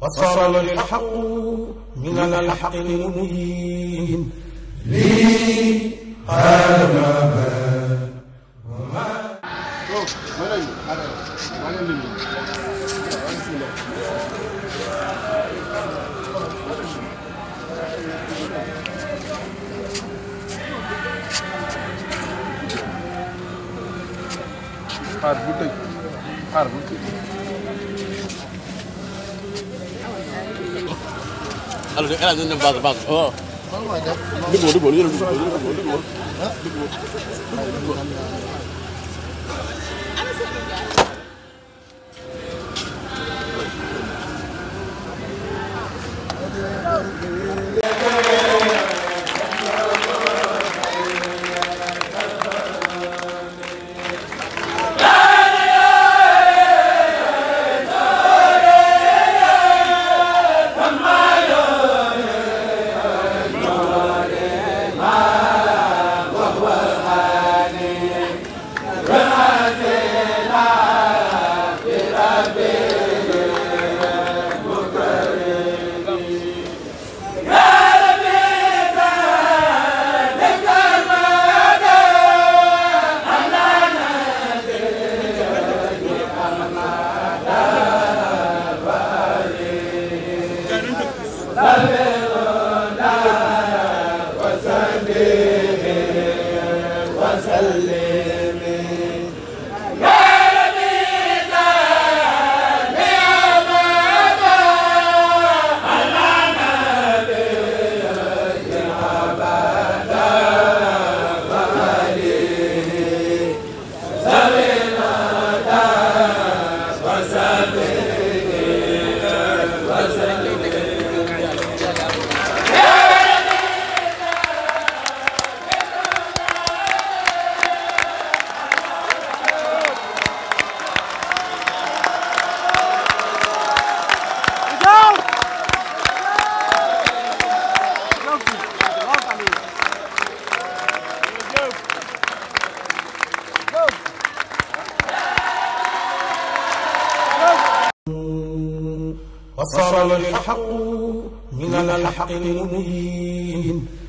وصار الحق من الحق المبين لي قال ما xaar bu tëj xaar bu tëj alors El Hadj nañu dem base base waaw. dëgg la dëgg la وصار الحق من الحق المبين